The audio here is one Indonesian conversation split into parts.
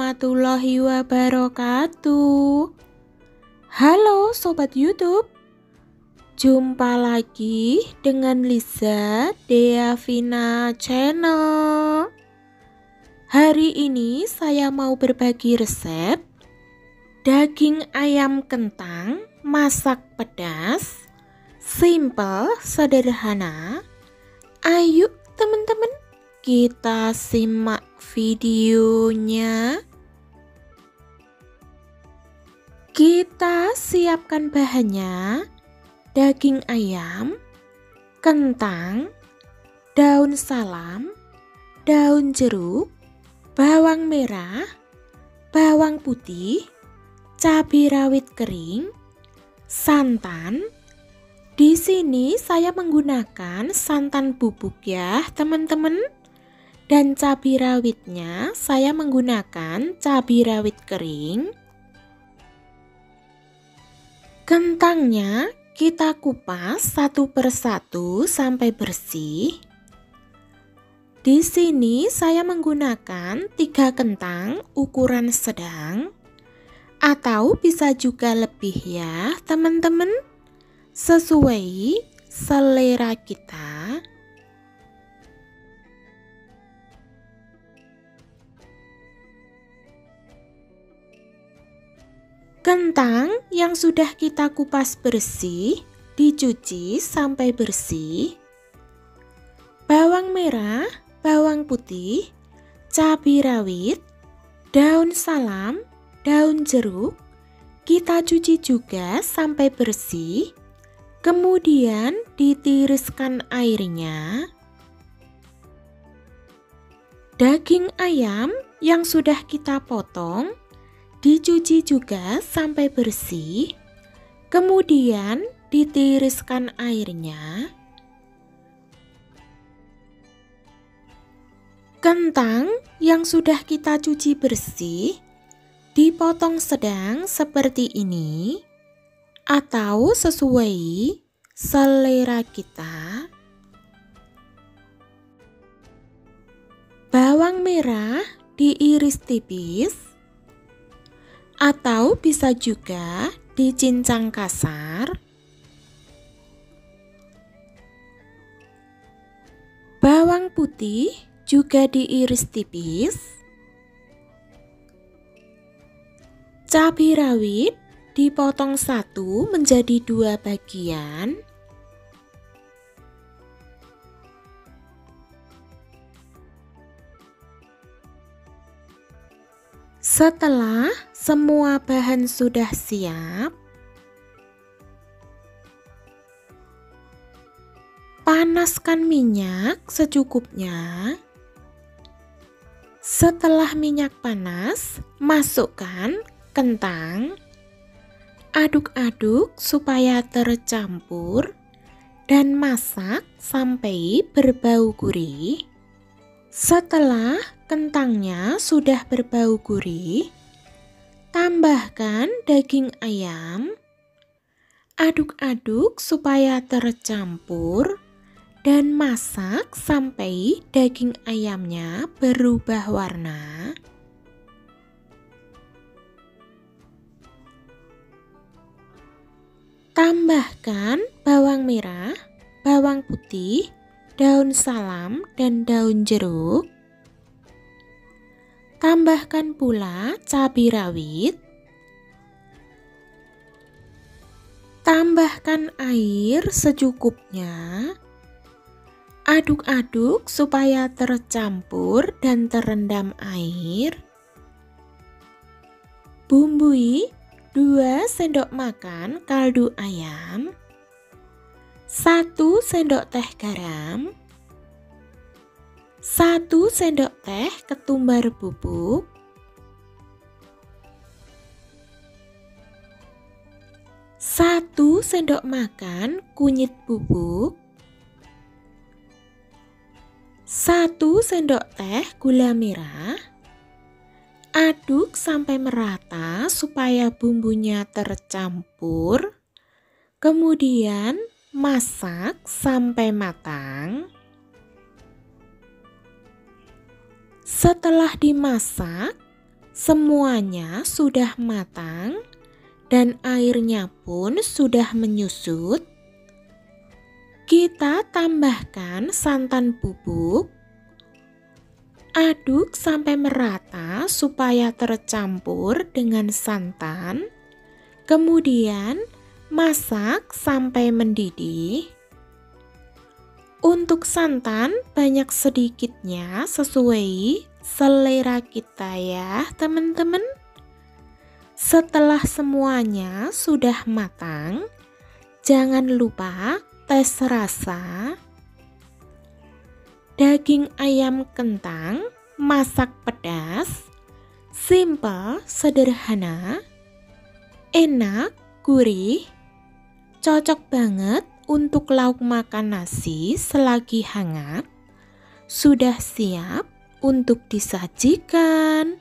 warahmatullahi wabarakatuh. Halo sobat YouTube. Jumpa lagi dengan Liza Deavina Channel. Hari ini saya mau berbagi resep daging ayam kentang masak pedas. Simple, sederhana. Ayo teman-teman kita simak videonya Kita siapkan bahannya, daging ayam, kentang, daun salam, daun jeruk, bawang merah, bawang putih, cabai rawit kering, santan. Di sini saya menggunakan santan bubuk ya, teman-teman. Dan cabai rawitnya saya menggunakan cabai rawit kering Kentangnya kita kupas satu persatu sampai bersih. Di sini saya menggunakan tiga kentang ukuran sedang atau bisa juga lebih ya teman-teman sesuai selera kita. Kentang yang sudah kita kupas bersih, dicuci sampai bersih, bawang merah, bawang putih, cabai rawit, daun salam, daun jeruk, kita cuci juga sampai bersih, kemudian ditiriskan airnya. Daging ayam yang sudah kita potong dicuci juga sampai bersih, kemudian ditiriskan airnya. Kentang yang sudah kita cuci bersih dipotong sedang seperti ini atau sesuai selera kita. Bawang merah diiris tipis atau bisa juga dicincang kasar. Bawang putih juga diiris tipis. Cabai rawit dipotong satu menjadi dua bagian. Setelah semua bahan sudah siap, panaskan minyak secukupnya. Setelah minyak panas, masukkan kentang, aduk-aduk supaya tercampur, dan masak sampai berbau gurih. Setelah kentangnya sudah berbau gurih, tambahkan daging ayam, aduk-aduk supaya tercampur, dan masak sampai daging ayamnya berubah warna. Tambahkan bawang merah, bawang putih, daun salam dan daun jeruk. Tambahkan pula cabai rawit. Tambahkan air secukupnya. Aduk-aduk supaya tercampur dan terendam air. Bumbui 2 sendok makan kaldu ayam 1 sendok teh garam 1 sendok teh ketumbar bubuk 1 sendok makan kunyit bubuk 1 sendok teh gula merah Aduk sampai merata supaya bumbunya tercampur Kemudian Masak sampai matang. Setelah dimasak, semuanya sudah matang dan airnya pun sudah menyusut. Kita tambahkan santan bubuk. Aduk sampai merata supaya tercampur dengan santan. Kemudian, Masak sampai mendidih. Untuk santan banyak sedikitnya sesuai selera kita ya, teman-teman. Setelah semuanya sudah matang, jangan lupa tes rasa. Daging ayam kentang masak pedas, simple, sederhana, enak, gurih, Cocok banget untuk lauk makan nasi selagi hangat. Sudah siap untuk disajikan.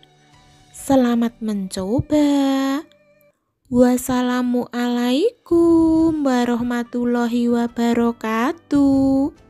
Selamat mencoba. Wassalamualaikum warahmatullahi wabarakatuh.